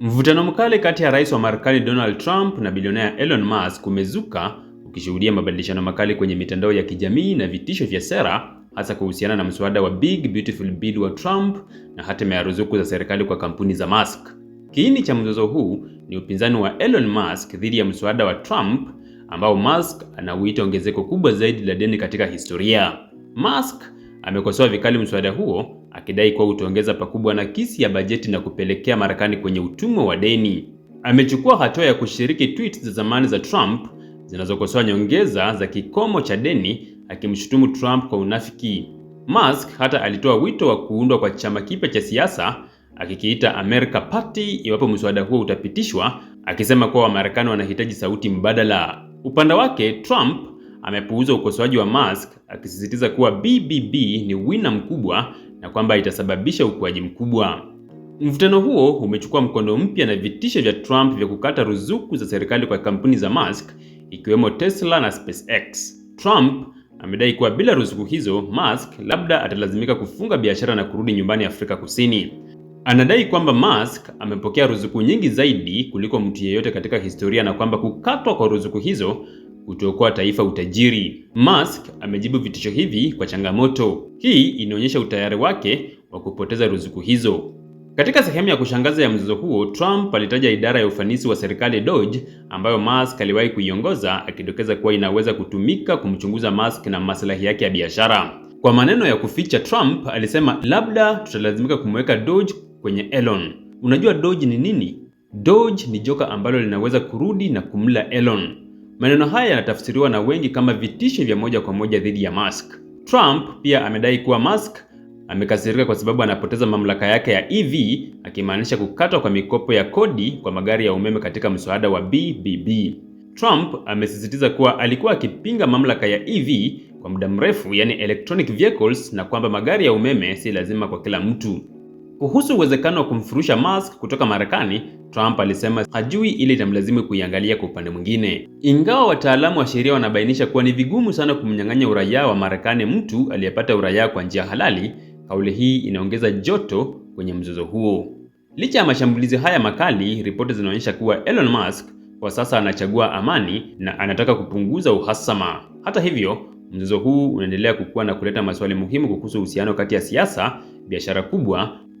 Mvutano mkali kati ya Rais wa Marekani Donald Trump na bilionea Elon Musk umezuka ukishuhudia mabadilishano makali kwenye mitandao ya kijamii na vitisho vya sera hasa kuhusiana na mswada wa Big Beautiful Bill wa Trump na hatima ya ruzuku za serikali kwa kampuni za Musk. Kiini cha mzozo huu ni upinzani wa Elon Musk dhidi ya mswada wa Trump ambao Musk anauita ongezeko kubwa zaidi la deni katika historia. Musk amekosoa vikali mswada huo akidai kuwa utaongeza pakubwa nakisi ya bajeti na kupelekea Marekani kwenye utumwa wa deni. Amechukua hatua ya kushiriki tweet za zamani za Trump zinazokosoa nyongeza za kikomo cha deni, akimshutumu Trump kwa unafiki. Musk hata alitoa wito wa kuundwa kwa chama kipya cha siasa akikiita America Party iwapo mswada huo utapitishwa, akisema kuwa Wamarekani wanahitaji sauti mbadala. Upande wake Trump amepuuza ukosoaji wa Musk akisisitiza kuwa BBB ni wina mkubwa na kwamba itasababisha ukuaji mkubwa. Mvutano huo umechukua mkondo mpya na vitisho vya Trump vya kukata ruzuku za serikali kwa kampuni za Musk ikiwemo Tesla na SpaceX. Trump amedai kuwa bila ruzuku hizo, Musk labda atalazimika kufunga biashara na kurudi nyumbani Afrika Kusini. Anadai kwamba Musk amepokea ruzuku nyingi zaidi kuliko mtu yeyote katika historia na kwamba kukatwa kwa ruzuku hizo kutokoa taifa utajiri. Musk amejibu vitisho hivi kwa changamoto. Hii inaonyesha utayari wake wa kupoteza ruzuku hizo. Katika sehemu ya kushangaza ya mzozo huo, Trump alitaja idara ya ufanisi wa serikali DOGE ambayo Musk aliwahi kuiongoza, akidokeza kuwa inaweza kutumika kumchunguza Musk na maslahi yake ya biashara. Kwa maneno ya kuficha, Trump alisema, labda tutalazimika kumweka DOGE kwenye Elon. Unajua DOGE ni nini? DOGE ni joka ambalo linaweza kurudi na kumla Elon. Maneno haya yanatafsiriwa na wengi kama vitisho vya moja kwa moja dhidi ya Musk. Trump pia amedai kuwa Musk amekasirika kwa sababu anapoteza mamlaka yake ya EV, akimaanisha kukatwa kwa mikopo ya kodi kwa magari ya umeme katika mswada wa BBB. Trump amesisitiza kuwa alikuwa akipinga mamlaka ya EV kwa muda mrefu, yani electronic vehicles, na kwamba magari ya umeme si lazima kwa kila mtu. Kuhusu uwezekano wa kumfurusha Musk kutoka Marekani, Trump alisema hajui ile itamlazimu kuiangalia kwa upande mwingine. Ingawa wataalamu wa sheria wanabainisha kuwa ni vigumu sana kumnyang'anya uraia wa Marekani mtu aliyepata uraia kwa njia halali, kauli hii inaongeza joto kwenye mzozo huo. Licha ya mashambulizi haya makali, ripoti zinaonyesha kuwa Elon Musk kwa sasa anachagua amani na anataka kupunguza uhasama. Hata hivyo, mzozo huu unaendelea kukua na kuleta maswali muhimu kuhusu uhusiano kati ya siasa, biashara kubwa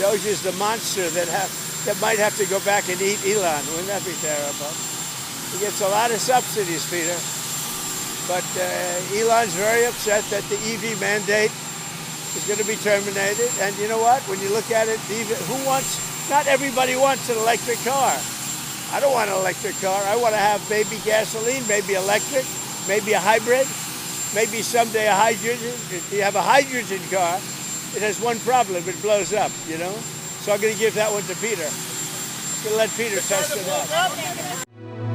Doge is the monster that have, that might have to go back and eat Elon. Wouldn't that be terrible? He gets a lot of subsidies, Peter. But uh, Elon's very upset that the EV mandate is going to be terminated. And you know what? When you look at it, who wants? Not everybody wants an electric car. I don't want an electric car. I want to have maybe gasoline, maybe electric, maybe a hybrid, maybe someday a hydrogen. If you have a hydrogen car, it has one problem, it blows up, you know? So I'm going to give that one to Peter. I'm going to let Peter test it out.